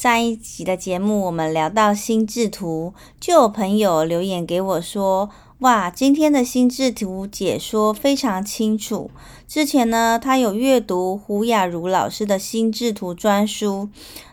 上一集的節目，我們聊到心智圖，就有朋友留言給我說：“哇，今天的心智圖解說非常清楚。之前呢，他有閱讀胡雅茹老師的《心智圖》專書，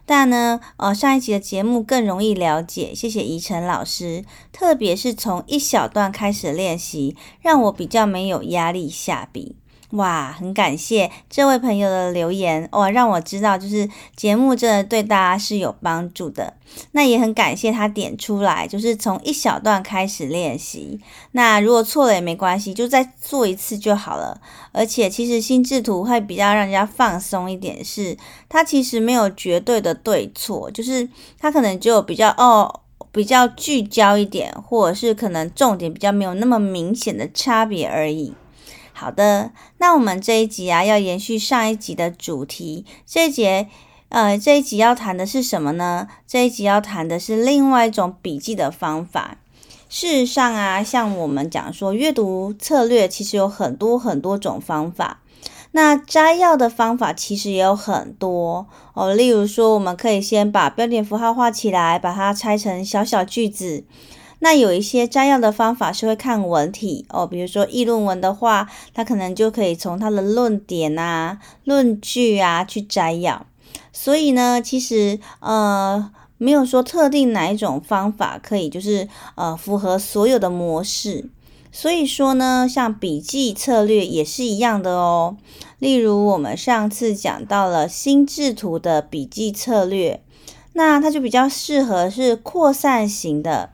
但呢，呃、哦，上一集的節目更容易了解。謝謝怡辰老師，特別是從一小段開始練習，讓我比較沒有壓力下筆。”哇，很感謝這位朋友的留言哦，讓我知道就是節目真的對大家是有幫助的。那也很感謝他點出來，就是從一小段開始練習。那如果錯了也沒關係，就再做一次就好了。而且其實心智圖會比較讓人家放鬆一點是，是他其實沒有絕對的對錯，就是他可能就比較哦比較聚焦一點，或者是可能重點比較沒有那麼明顯的差別而已。好的，那我們這一集啊，要延續上一集的主題。這一節，呃，這一集要談的是什麼呢？這一集要談的是另外一種筆記的方法。事實上啊，像我們講說閱讀策略，其實有很多很多種方法。那摘要的方法其實也有很多哦，例如說，我們可以先把標點符號畫起來，把它拆成小小句子。那有一些摘要的方法是會看文體哦，比如說議論文的話，它可能就可以從它的論點啊、論據啊去摘要。所以呢，其實呃沒有說特定哪一種方法可以就是呃符合所有的模式。所以說呢，像筆記策略也是一樣的哦。例如我們上次講到了心智圖的筆記策略，那它就比較適合是擴散型的。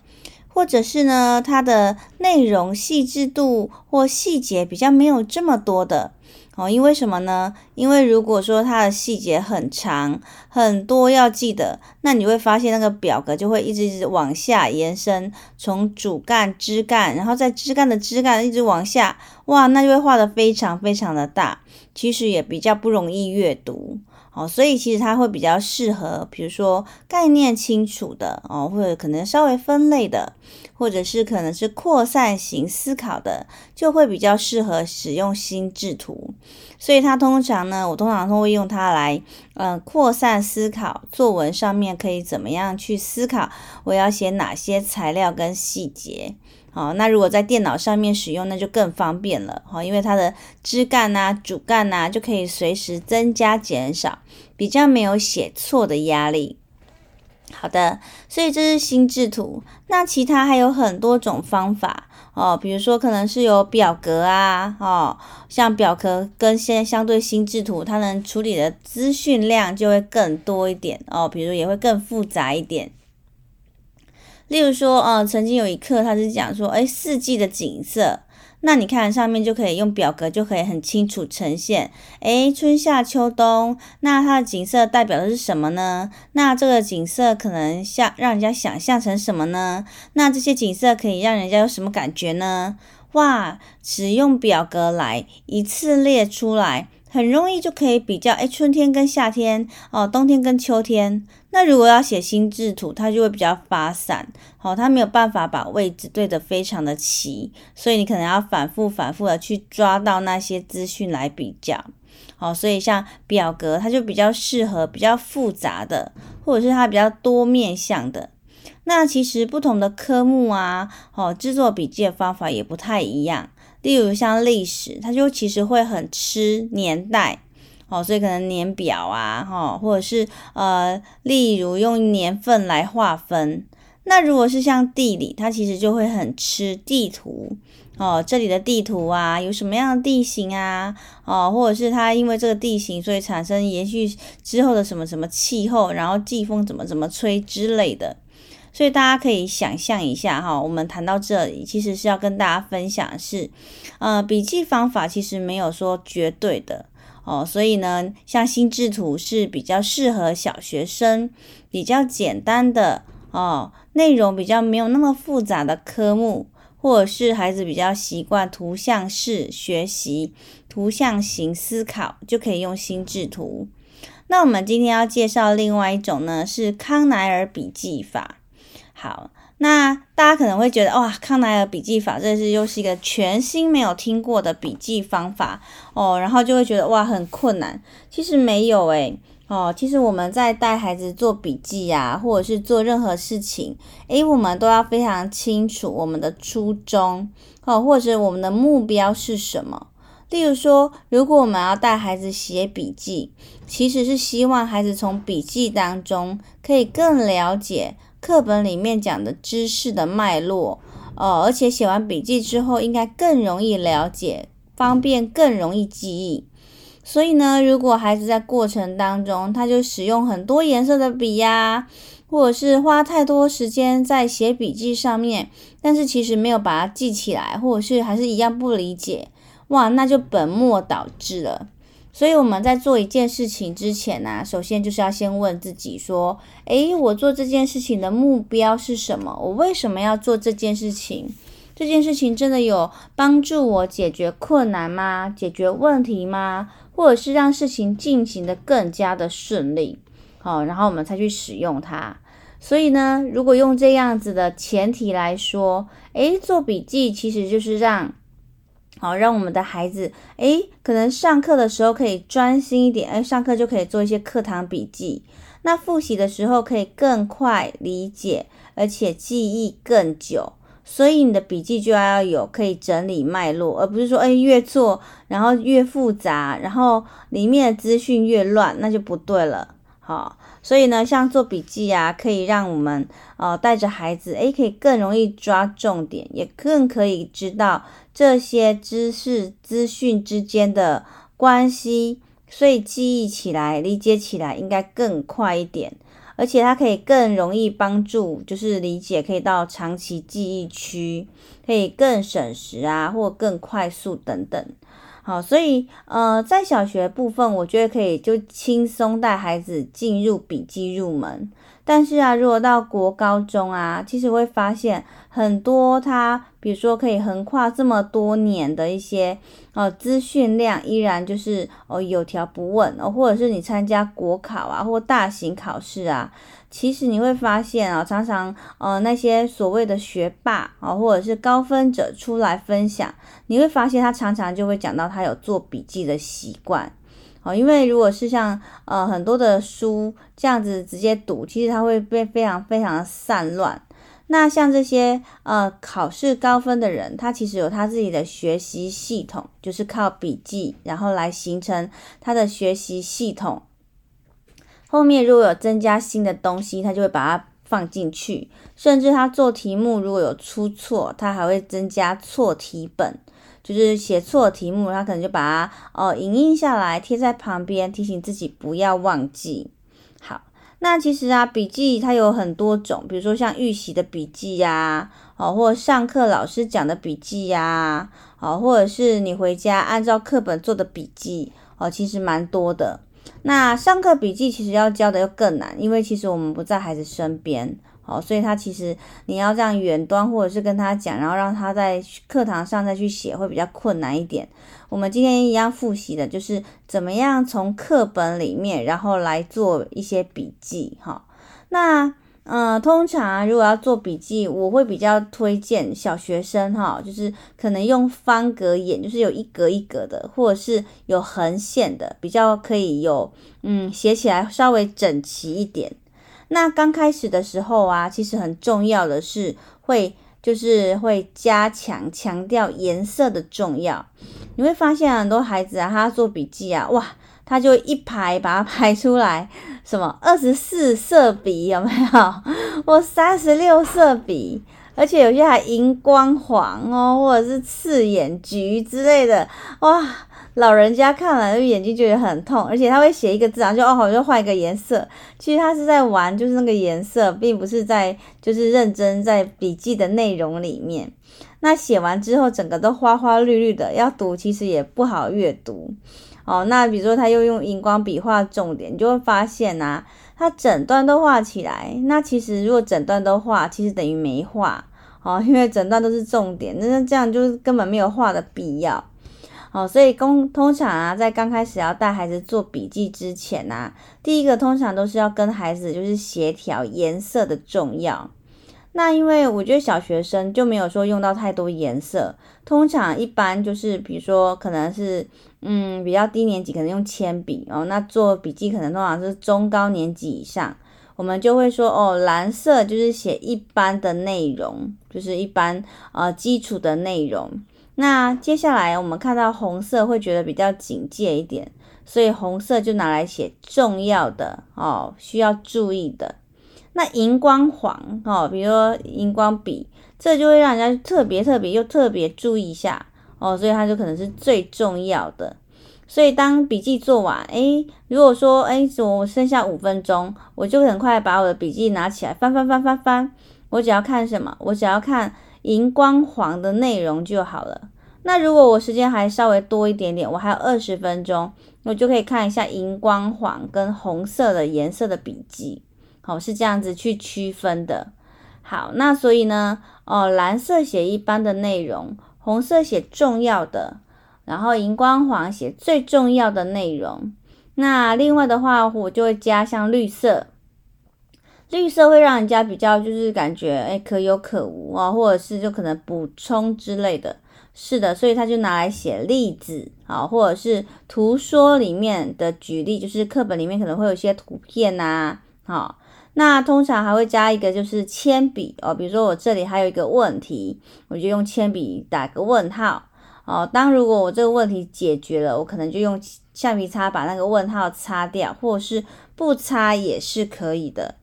或者是呢，它的內容細緻度或細節比較沒有這麼多的哦，因為什麼呢？因為如果說它的細節很長很多要記得，那你會發現那個表格就會一直一直往下延伸，從主幹、枝幹，然後在枝幹的枝幹一直往下，哇，那就會畫的非常非常的大，其實也比較不容易閱讀。哦，所以其實它會比較適合，比如說概念清楚的哦，或者可能稍微分類的，或者是可能是擴散型思考的，就會比較適合使用心智圖。所以它通常呢，我通常都會用它來，嗯、呃，擴散思考，作文上面可以怎麼樣去思考，我要寫哪些材料跟細節。哦，那如果在電腦上面使用，那就更方便了哈、哦，因為它的枝幹呐、啊、主幹呐、啊，就可以隨時增加減少，比較沒有寫錯的壓力。好的，所以這是心智圖，那其他還有很多種方法哦，比如說可能是有表格啊，哦，像表格跟現在相對心智圖，它能處理的資訊量就會更多一點哦，比如也會更複雜一點。例如說，呃，曾經有一課，他是講說，哎，四季的景色，那你看上面就可以用表格就可以很清楚呈現，哎，春夏秋冬，那它的景色代表的是什麼呢？那這個景色可能像讓人家想象成什麼呢？那這些景色可以讓人家有什麼感覺呢？哇，只用表格來一次列出來，很容易就可以比較，哎，春天跟夏天，哦、呃，冬天跟秋天。那如果要寫心智圖，它就會比較發散，好、哦，它沒有辦法把位置對得非常的齊，所以你可能要反覆反覆的去抓到那些資訊來比較，好、哦，所以像表格，它就比較適合比較複雜的，或者是它比較多面向的。那其實不同的科目啊，哦，製作筆記的方法也不太一樣，例如像歷史，它就其實會很吃年代。哦，所以可能年表啊，哈，或者是呃，例如用年份來劃分。那如果是像地理，它其實就會很吃地圖哦，這裡的地圖啊，有什麼樣的地形啊，哦，或者是它因為這個地形，所以產生延續之後的什麼什麼氣候，然後季風怎麼怎麼吹之類的。所以大家可以想象一下哈、哦，我們談到這裡，其實是要跟大家分享的是，呃，筆記方法其實沒有說絕對的。哦，所以呢，像心智圖是比較適合小學生，比較簡單的哦，內容比較沒有那麼複雜的科目，或者是孩子比較習慣圖像式學習、圖像型思考，就可以用心智圖。那我們今天要介紹另外一種呢，是康乃爾筆記法。好。那大家可能會覺得哇，康乃爾筆記法這是又是一個全新沒有聽過的筆記方法哦，然後就會覺得哇，很困難。其實沒有誒，哦，其實我們在帶孩子做筆記呀、啊，或者是做任何事情，誒，我們都要非常清楚我們的初衷哦，或者是我們的目標是什麼。例如說，如果我們要帶孩子寫筆記，其實是希望孩子從筆記當中可以更了解。課本裡面講的知識的脈絡，哦，而且寫完筆記之後，應該更容易了解，方便更容易記憶。所以呢，如果孩子在過程當中，他就使用很多顏色的筆呀、啊，或者是花太多時間在寫筆記上面，但是其實沒有把它記起來，或者是還是一樣不理解，哇，那就本末倒置了。所以我們在做一件事情之前呢、啊，首先就是要先問自己說，誒，我做這件事情的目標是什麼？我為什麼要做這件事情？這件事情真的有幫助我解決困難嗎？解決問題嗎？或者是讓事情進行得更加的順利？好，然後我們才去使用它。所以呢，如果用這樣子的前提來說，誒，做筆記其實就是讓。好，讓我們的孩子，誒，可能上課的時候可以專心一點，誒，上課就可以做一些課堂筆記。那複習的時候可以更快理解，而且記憶更久。所以你的筆記就要有可以整理脈絡，而不是說，誒，越做，然後越複雜，然後裡面的資訊越亂，那就不對了。好，所以呢，像做筆記啊，可以讓我們，呃，帶着孩子，誒，可以更容易抓重點，也更可以知道。這些知識資訊之間的關係，所以記憶起來、理解起來應該更快一點，而且它可以更容易幫助，就是理解可以到長期記憶區，可以更省時啊，或更快速等等。好，所以呃，在小學部分，我覺得可以就輕鬆帶孩子進入筆記入門。但是啊，如果到國高中啊，其實會發現很多他，比如說可以橫跨這麼多年的一些呃、哦、資訊量，依然就是哦有條不紊、哦、或者是你參加國考啊，或大型考試啊，其實你會發現啊、哦，常常呃那些所謂的學霸啊、哦，或者是高分者出來分享，你會發現他常常就會講到他有做筆記的習慣。好，因為如果是像呃很多的書這樣子直接讀，其實它會被非常非常散亂。那像這些呃考試高分的人，他其實有他自己的學習系統，就是靠筆記，然後來形成他的學習系統。後面如果有增加新的東西，他就會把它放進去。甚至他做題目如果有出錯，他還會增加錯題本。就是寫錯題目，他可能就把它哦影印下來貼在旁邊，提醒自己不要忘記。好，那其實啊，筆記它有很多種，比如說像預習的筆記呀、啊，哦，或上課老師講的筆記呀、啊，哦，或者是你回家按照課本做的筆記，哦，其實蠻多的。那上課筆記其實要教的又更難，因為其實我們不在孩子身邊。哦，所以他其實你要這樣遠端，或者是跟他講，然後讓他在課堂上再去寫，會比較困難一點。我們今天一樣複習的，就是怎麼樣從課本裡面，然後來做一些筆記哈。那嗯，通常如果要做筆記，我會比較推薦小學生哈，就是可能用方格眼，就是有一格一格的，或者是有橫線的，比較可以有嗯，寫起來稍微整齊一點。那剛開始的時候啊，其實很重要的是會，就是會加強強調顏色的重要。你會發現很多孩子啊，他做筆記啊，哇，他就一排把它排出來，什麼二十四色筆有沒有？我三十六色筆。而且有些還熒光黃哦，或者是刺眼橘之類的哇，老人家看了就眼睛覺得很痛。而且他會寫一個字啊，然後就哦，我就換一個顏色。其實他是在玩，就是那個顏色，並不是在就是認真在筆記的內容裡面。那寫完之後，整個都花花綠綠的，要讀其實也不好閱讀哦。那比如說他又用熒光筆畫重點，你就會發現啊，他整段都畫起來。那其實如果整段都畫，其實等於沒畫。哦，因為整段都是重點，那這樣就是根本沒有畫的必要。哦，所以公通常啊，在剛開始要帶孩子做筆記之前啊，第一個通常都是要跟孩子就是協調顏色的重要。那因為我覺得小學生就沒有說用到太多顏色，通常一般就是比如說可能是嗯比較低年級可能用鉛筆哦，那做筆記可能通常是中高年級以上。我們就會說，哦，藍色就是寫一般的內容，就是一般呃基礎的內容。那接下來我們看到紅色會覺得比較警戒一點，所以紅色就拿來寫重要的哦，需要注意的。那熒光黃，哦，比如說熒光筆，這就會讓人家特別特別又特別注意一下，哦，所以它就可能是最重要的。所以當筆記做完，誒，如果說誒，我剩下五分鐘，我就很快把我的筆記拿起來翻翻翻翻翻。我只要看什麼？我只要看熒光黃的內容就好了。那如果我時間還稍微多一點點，我還有二十分鐘，我就可以看一下熒光黃跟紅色的顏色的筆記。好，是這樣子去區分的。好，那所以呢，哦，藍色寫一般的內容，紅色寫重要的。然後熒光黃寫最重要的內容。那另外的話，我就會加像綠色，綠色會讓人家比較就是感覺哎可有可無啊，哦，或者是就可能補充之類的。是的，所以他就拿來寫例子啊，哦，或者是圖說裡面的舉例，就是課本裡面可能會有一些圖片吶，啊。好，哦，那通常還會加一個就是鉛筆哦，比如說我這裡還有一個問題，我就用鉛筆打個問號。哦，當如果我這個問題解決了，我可能就用橡皮擦把那個問號擦掉，或者是不擦也是可以的。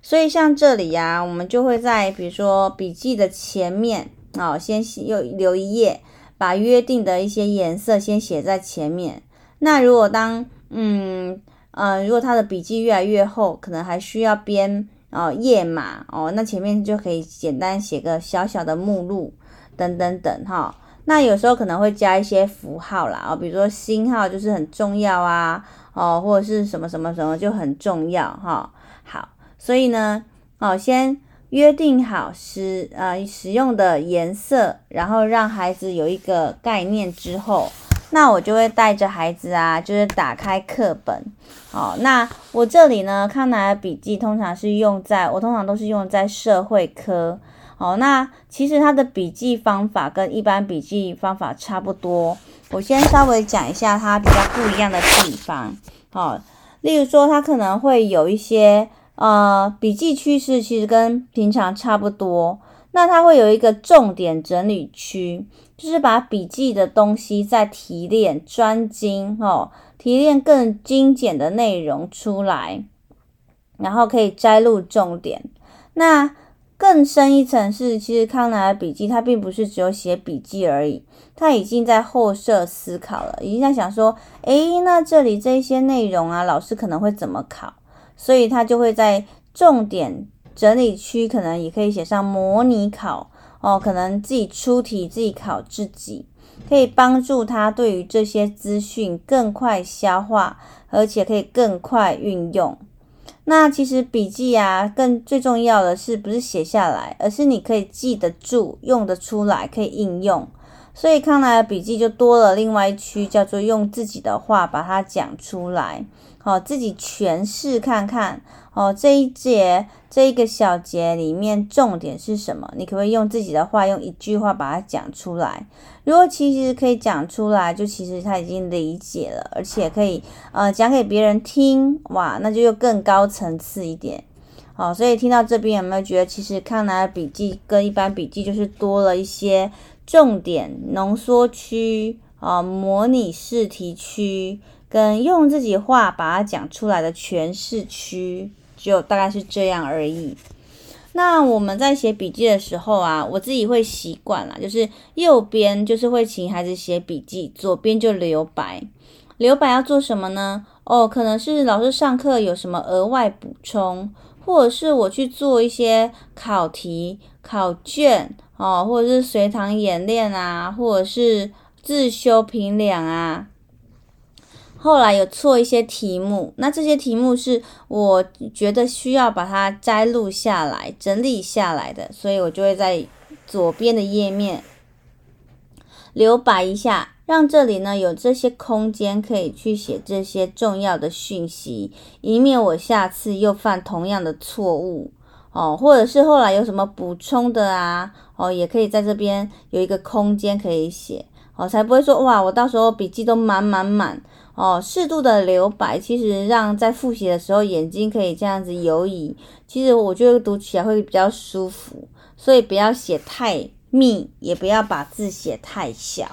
所以像這裡呀、啊，我們就會在比如說筆記的前面，哦，先寫又留一頁，把約定的一些顏色先寫在前面。那如果當嗯嗯、呃，如果他的筆記越來越厚，可能還需要編哦、呃、頁碼哦，那前面就可以簡單寫個小小的目錄等等等哈。哦那有時候可能會加一些符號啦哦，比如說星號就是很重要啊哦，或者是什麼什麼什麼就很重要哈、哦。好，所以呢，哦，先約定好使呃使用的顏色，然後讓孩子有一個概念之後，那我就會帶着孩子啊，就是打開課本。好、哦，那我這裡呢，康乃爾筆記通常是用在我通常都是用在社會科。好，那其實它的筆記方法跟一般筆記方法差不多。我先稍微講一下它比較不一樣的地方。好、哦，例如說它可能會有一些呃筆記趨勢，其實跟平常差不多。那它會有一個重點整理區，就是把筆記的東西再提煉、專精哦，提煉更精簡的內容出來，然後可以摘錄重點。那更深一層是，其實康乃爾筆記，他並不是只有寫筆記而已，他已經在後設思考了，已經在想說，誒，那這裡這些內容啊，老師可能會怎麼考，所以他就會在重點整理區可能也可以寫上模擬考哦，可能自己出題自己考自己，可以幫助他對於這些資訊更快消化，而且可以更快運用。那其實筆記啊，更最重要的是不是寫下來，而是你可以記得住、用得出來、可以應用。所以康乃爾筆記就多了另外一區，叫做用自己的話把它講出來，好，自己詮釋看看，哦，這一節這一個小節裡面重點是什麼？你可不可以用自己的話，用一句話把它講出來？如果其實可以講出來，就其實他已經理解了，而且可以呃講給別人聽，哇，那就又更高層次一點。好，所以聽到這邊有沒有覺得，其實康乃爾筆記跟一般筆記就是多了一些。重點濃縮區啊、呃，模擬試題區跟用自己話把它講出來的詮釋區，就大概是這樣而已。那我們在寫筆記的時候啊，我自己會習慣啦，就是右邊就是會請孩子寫筆記，左邊就留白。留白要做什麼呢？哦，可能是老師上課有什麼額外補充，或者是我去做一些考題、考卷。哦，或者是隨堂演練啊，或者是自修評量啊。後來有錯一些題目，那這些題目是我覺得需要把它摘錄下來、整理下來的，所以我就會在左邊的頁面留白一下，讓這裡呢有這些空間可以去寫這些重要的訊息，以免我下次又犯同樣的錯誤。哦，或者是後來有什麼補充的啊？哦，也可以在這邊有一個空間可以寫哦，才不會說哇，我到時候筆記都滿滿滿哦。適度的留白，其實讓在複習的時候眼睛可以這樣子游移，其實我覺得讀起來會比較舒服。所以不要寫太密，也不要把字寫太小。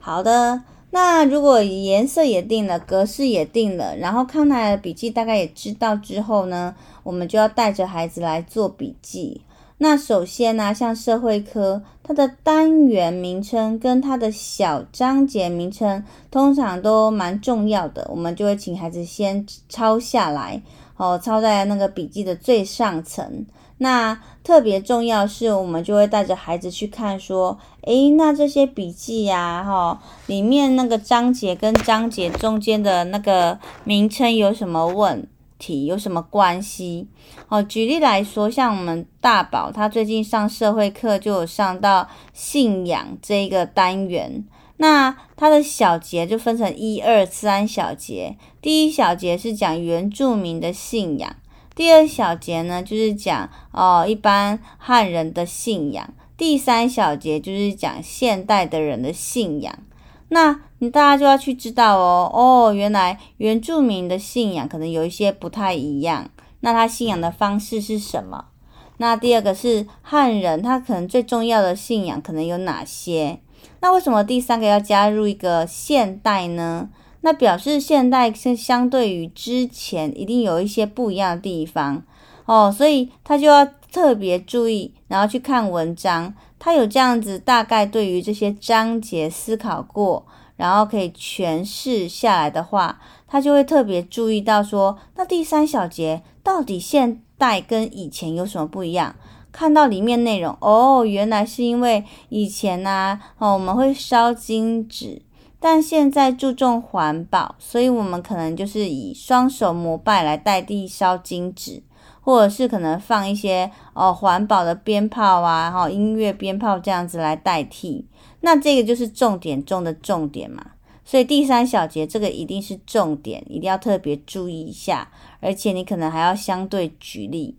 好的，那如果顏色也定了，格式也定了，然後康乃爾筆記大概也知道之後呢，我們就要帶着孩子來做筆記。那首先呢、啊，像社會科，它的單元名稱跟它的小章節名稱通常都蠻重要的，我們就會請孩子先抄下來，哦，抄在那個筆記的最上層。那特別重要是，我們就會帶着孩子去看，說，誒，那這些筆記呀、啊，哈、哦，裡面那個章節跟章節中間的那個名稱有什麼問？體有什麼關係？哦，舉例來說，像我們大寶，他最近上社會課，就有上到信仰這一個單元。那他的小節就分成一二三小節，第一小節是講原住民的信仰，第二小節呢就是講哦一般漢人的信仰，第三小節就是講現代的人的信仰。那你大家就要去知道哦哦，原來原住民的信仰可能有一些不太一樣，那他信仰的方式是什麼？那第二個是漢人，他可能最重要的信仰可能有哪些？那為什麼第三個要加入一個現代呢？那表示現代是相對於之前一定有一些不一樣的地方。哦，所以他就要特別注意，然後去看文章。他有這樣子大概對於這些章節思考過，然後可以詮釋下來的話，他就會特別注意到說，那第三小節到底現代跟以前有什麼不一樣？看到裡面內容，哦，原來是因為以前呢，啊，哦，我們會燒金紙，但現在注重環保，所以我們可能就是以雙手膜拜來代替燒金紙。或者是可能放一些哦環保的鞭炮啊，然後音樂鞭炮這樣子來代替，那這個就是重點中的重點嘛。所以第三小節這個一定是重點，一定要特別注意一下，而且你可能還要相對舉例。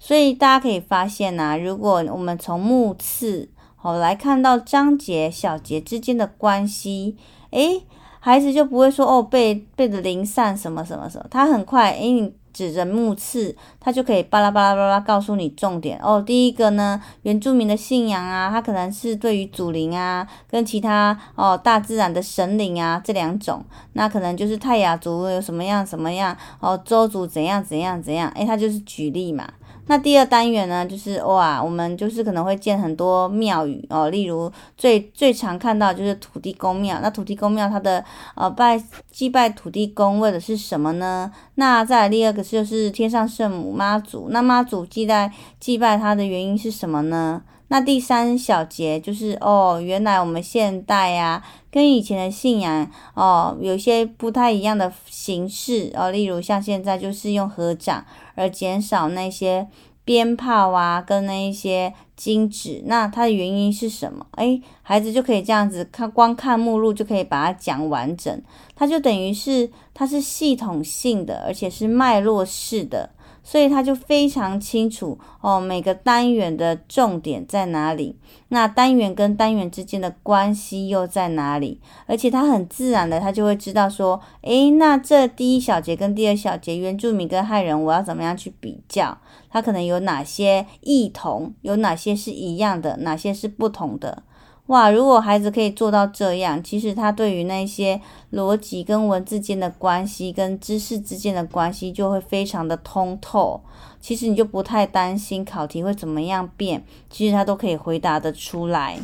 所以大家可以發現吶、啊，如果我們從目次哦來看到章節、小節之間的關係，誒，孩子就不會說哦背背的零散什麼什麼什麼，他很快哎你。誒指着目次，他就可以巴拉巴拉巴拉告訴你重點哦。第一個呢，原住民的信仰啊，他可能是對於祖靈啊，跟其他哦大自然的神靈啊這兩種，那可能就是泰雅族有什麼樣什麼樣哦，鄒族怎樣怎樣怎樣，哎，他就是舉例嘛。那第二單元呢，就是哇，我們就是可能會見很多廟宇哦，例如最最常看到的就是土地公廟。那土地公廟它的呃祭拜祭拜土地公為的是什麼呢？那再來第二個就是天上聖母媽祖，那媽祖祭拜祭拜它的原因是什麼呢？那第三小節就是哦，原來我們現代呀、啊，跟以前的信仰哦，有些不太一樣的形式哦，例如像現在就是用合掌，而減少那些鞭炮啊，跟那一些金紙。那它的原因是什麼？哎，孩子就可以這樣子看，光看目錄就可以把它講完整。它就等於是它是系統性的，而且是脈絡式的。所以他就非常清楚哦，每個單元的重點在哪裡，那單元跟單元之間的關係又在哪裡？而且他很自然的，他就會知道說，誒，那這第一小節跟第二小節，原住民跟害人，我要怎麼樣去比較？他可能有哪些異同，有哪些是一樣的，哪些是不同的？哇，如果孩子可以做到這樣，其實他對於那些邏輯跟文字間的關係、跟知識之間的關係就會非常的通透。其實你就不太擔心考題會怎麼樣變，其實他都可以回答得出來。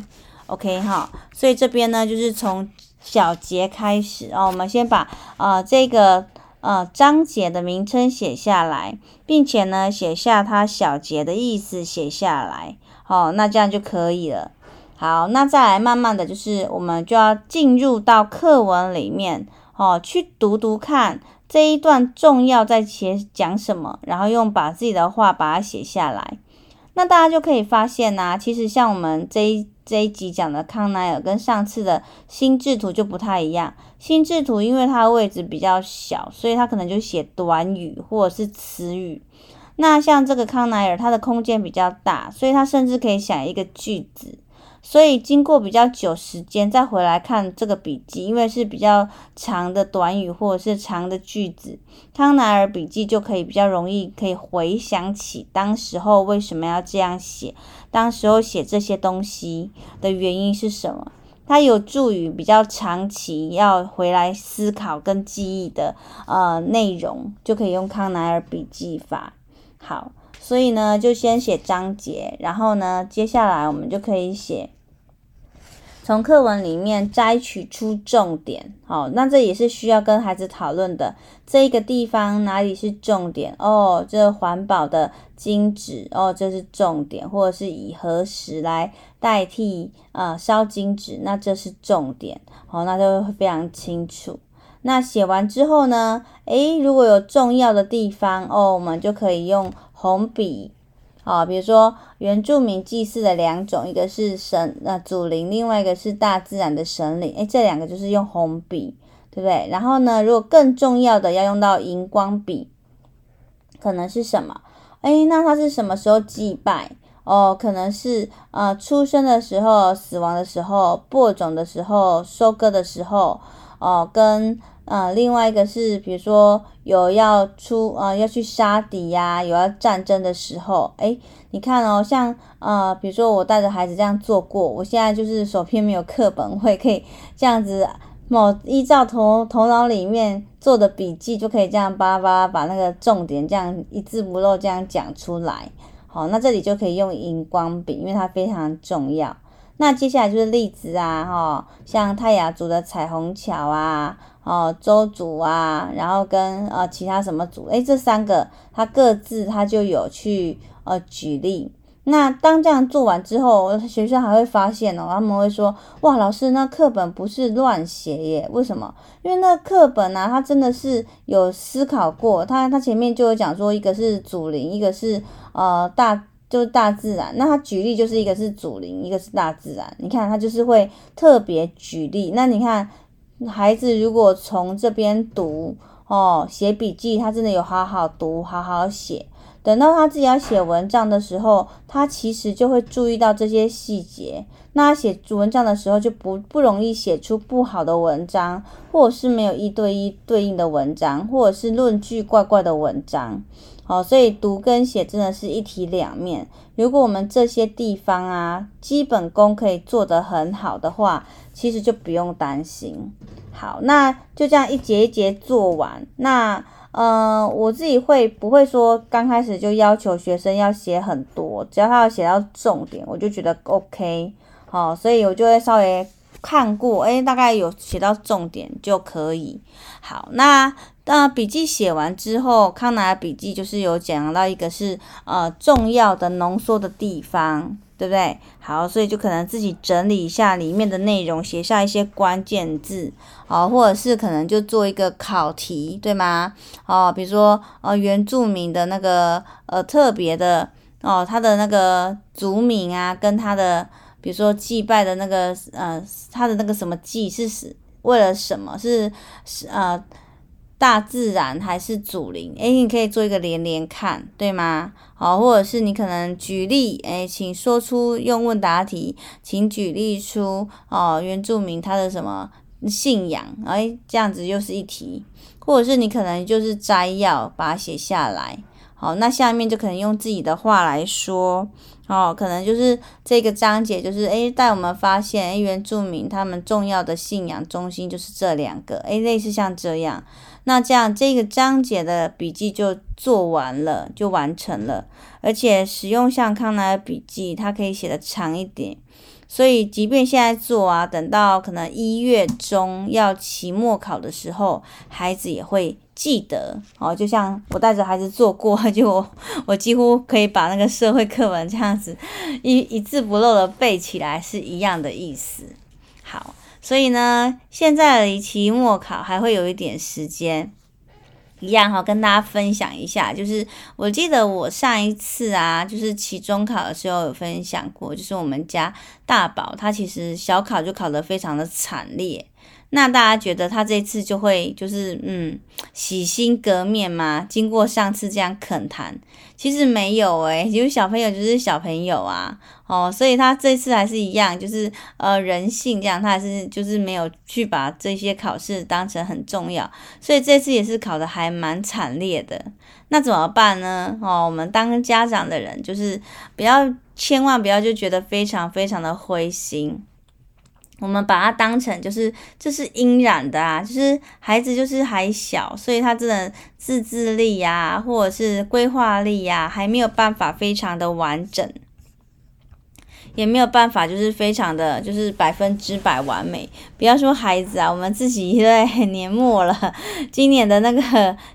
OK 哈，所以這邊呢就是從小節開始哦，我們先把呃這個呃章節的名稱寫下來，並且呢寫下它小節的意思寫下來。好、哦，那這樣就可以了。好，那再來慢慢的就是，我們就要進入到課文裡面哦，去讀讀看這一段重要在寫講什麼，然後用把自己的話把它寫下來。那大家就可以發現呢、啊，其實像我們這一這一集講的康乃爾跟上次的心智圖就不太一樣。心智圖因為它的位置比較小，所以它可能就寫短語或者是詞語。那像這個康乃爾，它的空間比較大，所以它甚至可以想一個句子。所以經過比較久時間再回來看這個筆記，因為是比較長的短語或者是長的句子，康乃爾筆記就可以比較容易可以回想起當時候為什麼要這樣寫，當時候寫這些東西的原因是什麼？它有助於比較長期要回來思考跟記憶的呃內容，就可以用康乃爾筆記法。好。所以呢，就先寫章節，然後呢，接下來我們就可以寫從課文裡面摘取出重點。好，那這也是需要跟孩子討論的。這個地方哪裡是重點？哦，這環保的金紙哦，這是重點，或者是以何時來代替啊、呃？燒金紙，那這是重點。好，那就會非常清楚。那寫完之後呢，誒，如果有重要的地方哦，我們就可以用。紅筆，啊、哦，比如說原住民祭祀的兩種，一個是神，啊，祖靈，另外一個是大自然的神靈，誒，這兩個就是用紅筆，對不對？然後呢，如果更重要的要用到熒光筆，可能是什麼？誒，那他是什麼時候祭拜？哦，可能是，啊、呃，出生的時候、死亡的時候、播種的時候、收割的時候，哦、呃，跟。啊、呃，另外一個是，比如說有要出啊、呃，要去殺敵呀、啊，有要戰爭的時候，誒，你看哦，像呃，比如說我帶着孩子這樣做過，我現在就是手邊沒有課本會，我也可以這樣子某，某依照頭頭腦裡面做的筆記，就可以這樣巴拉巴拉把那個重點這樣一字不漏這樣講出來。好，那這裡就可以用熒光筆，因為它非常重要。那接下來就是例子啊，哈、哦，像泰雅族的彩虹橋啊。哦，周族啊，然後跟呃其他什麼族，哎，這三個他各自他就有去呃舉例。那當這樣做完之後，我學生還會發現哦，他們會說：哇，老師那課本不是亂寫耶？為什麼？因為那課本啊，他真的是有思考過。他他前面就有講說，一個是祖靈，一個是呃大就是大自然。那他舉例就是一個是祖靈，一個是大自然。你看他就是會特別舉例。那你看。孩子如果從這邊讀哦，寫筆記，他真的有好好讀，好好寫。等到他自己要寫文章的時候，他其實就會注意到這些細節。那寫文章的時候就不不容易寫出不好的文章，或者是沒有一對一對應的文章，或者是論據怪怪的文章。哦，所以讀跟寫真的是一體兩面。如果我們這些地方啊，基本功可以做得很好的話，其實就不用擔心。好，那就這樣一節一節做完。那呃，我自己會不會說剛開始就要求學生要寫很多？只要他要寫到重點，我就覺得 OK、哦。好，所以我就會稍微看過，哎、欸，大概有寫到重點就可以。好，那那、呃、筆記寫完之後，康乃爾筆記就是有講到一個是呃重要的濃縮的地方。對不對？好，所以就可能自己整理一下裡面的內容，寫下一些關鍵字，哦，或者是可能就做一個考題，對嗎？哦，比如說，哦、呃，原住民的那個，呃，特別的，哦，他的那個族名啊，跟他的，比如說祭拜的那個，呃，他的那個什麼祭是是為了什麼？是是呃。大自然還是祖靈？哎，你可以做一個連連看，對嗎？好，或者是你可能舉例，哎，請說出用問答題，請舉例出哦，原住民他的什麼信仰？哎，這樣子又是一題，或者是你可能就是摘要，把它寫下來。好，那下面就可能用自己的話來說，哦，可能就是這個章節就是哎，帶我們發現哎，原住民他們重要的信仰中心就是這兩個，哎，類似像這樣。那這樣這個章節的筆記就做完了，就完成了。而且使用像康乃爾筆記，它可以寫的長一點，所以即便現在做啊，等到可能一月中要期末考的時候，孩子也會記得哦。就像我帶着孩子做過，就我，我幾乎可以把那個社會課文這樣子一一字不漏的背起來，是一樣的意思。好。所以呢，現在離期末考還會有一點時間，一樣哈，跟大家分享一下。就是我記得我上一次啊，就是期中考的時候有分享過，就是我們家大寶他其實小考就考得非常的慘烈。那大家覺得他這次就會就是嗯洗心革面嗎？經過上次這樣懇談，其實沒有誒、欸。因為小朋友就是小朋友啊，哦，所以他這次還是一樣，就是呃人性這樣，他還是就是沒有去把這些考試當成很重要，所以這次也是考得還蠻慘烈的。那怎麼辦呢？哦，我們當家長的人就是不要千萬不要就覺得非常非常的灰心。我們把它當成就是這是應然的啊，就是孩子就是還小，所以他真的自制力呀、啊，或者是規劃力呀、啊，還沒有辦法非常的完整，也沒有辦法就是非常的就是百分之百完美。不要說孩子啊，我們自己因為年末了，今年的那個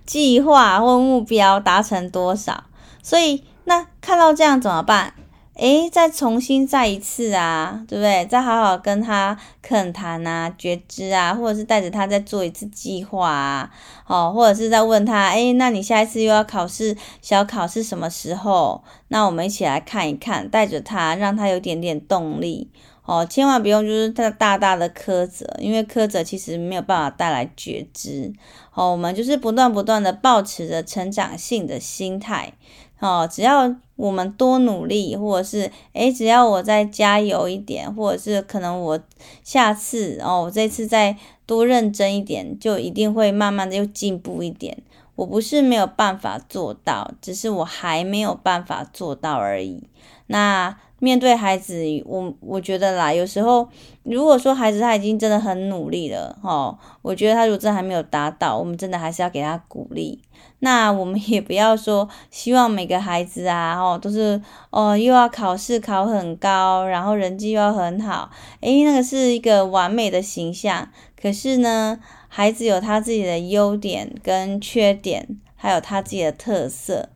計劃或目標達成多少，所以那看到這樣怎麼辦？哎，再重新再一次啊，對不對？再好好跟他懇談啊，覺知啊，或者是帶着他再做一次計劃啊，哦，或者是再問他，哎，那你下一次又要考試，小考試什麼時候？那我們一起來看一看，帶着他，讓他有點點動力哦，千萬不用就是大、大大的苛責，因為苛責其實沒有辦法帶來覺知。哦，我們就是不斷不斷的保持着成長性的心態。哦，只要我們多努力，或者是，誒，只要我再加油一點，或者是可能我下次，哦，我這次再多認真一點，就一定會慢慢的又進步一點。我不是沒有辦法做到，只是我還沒有辦法做到而已。那。面對孩子，我我覺得啦，有時候如果說孩子他已經真的很努力了，齁、哦，我覺得他如果真的還沒有達到，我們真的還是要給他鼓勵。那我們也不要說，希望每個孩子啊，哦，都是哦又要考試考很高，然後人際又要很好，誒，那個是一個完美的形象。可是呢，孩子有他自己的優點跟缺點，還有他自己的特色。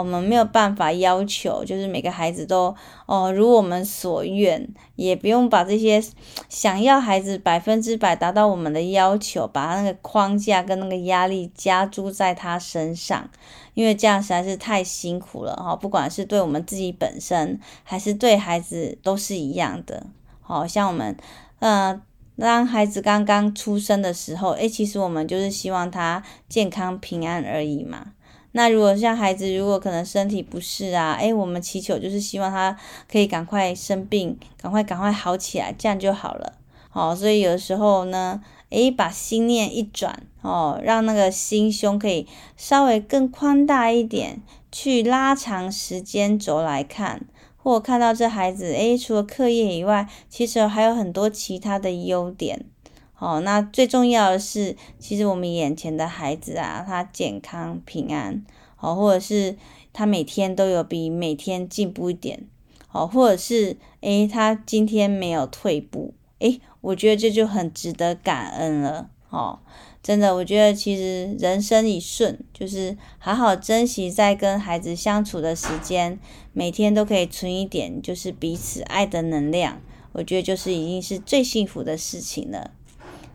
我們沒有辦法要求，就是每個孩子都哦如我們所願，也不用把這些想要孩子百分之百達到我們的要求，把他那個框架跟那個壓力加注在他身上，因為這樣實在是太辛苦了哈。不管是對我們自己本身，還是對孩子都是一樣的。好像我們嗯、呃，當孩子剛剛出生的時候，誒，其實我們就是希望他健康平安而已嘛。那如果像孩子，如果可能身體不適啊，誒，我們祈求就是希望他可以趕快生病，趕快趕快好起來，這樣就好了。哦，所以有的時候呢，誒，把心念一轉哦，讓那個心胸可以稍微更寬大一點，去拉長時間軸來看，或看到這孩子，誒，除了課業以外，其實還有很多其他的優點。哦，那最重要的是，其實我們眼前的孩子啊，他健康平安，哦，或者是他每天都有比每天進步一點，哦，或者是誒、欸，他今天沒有退步，誒、欸，我覺得這就很值得感恩了，哦，真的，我覺得其實人生一瞬，就是好好珍惜在跟孩子相處的時間，每天都可以存一點，就是彼此愛的能量，我覺得就是已經是最幸福的事情了。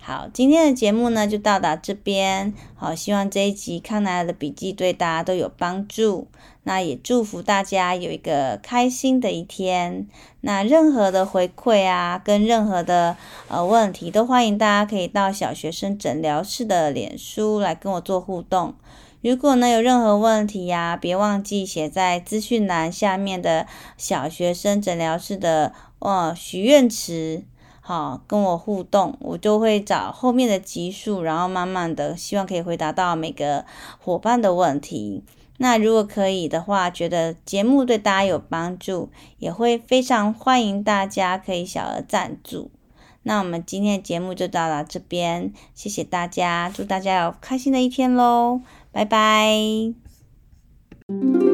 好，今天的節目呢，就到達這邊。好，希望這一集康乃爾的筆記對大家都有幫助。那也祝福大家有一個開心的一天。那任何的回饋啊，跟任何的呃問題，都歡迎大家可以到小學生診聊室的臉書來跟我做互動。如果呢有任何問題呀、啊，別忘記寫在資訊欄下面的小學生診聊室的呃許願池。好，跟我互動，我就會找後面的集數，然後慢慢的，希望可以回答到每個夥伴的問題。那如果可以的話，覺得節目對大家有幫助，也會非常歡迎大家可以小額贊助。那我們今天的節目就到了這邊，謝謝大家，祝大家有開心的一天嘍，拜拜。嗯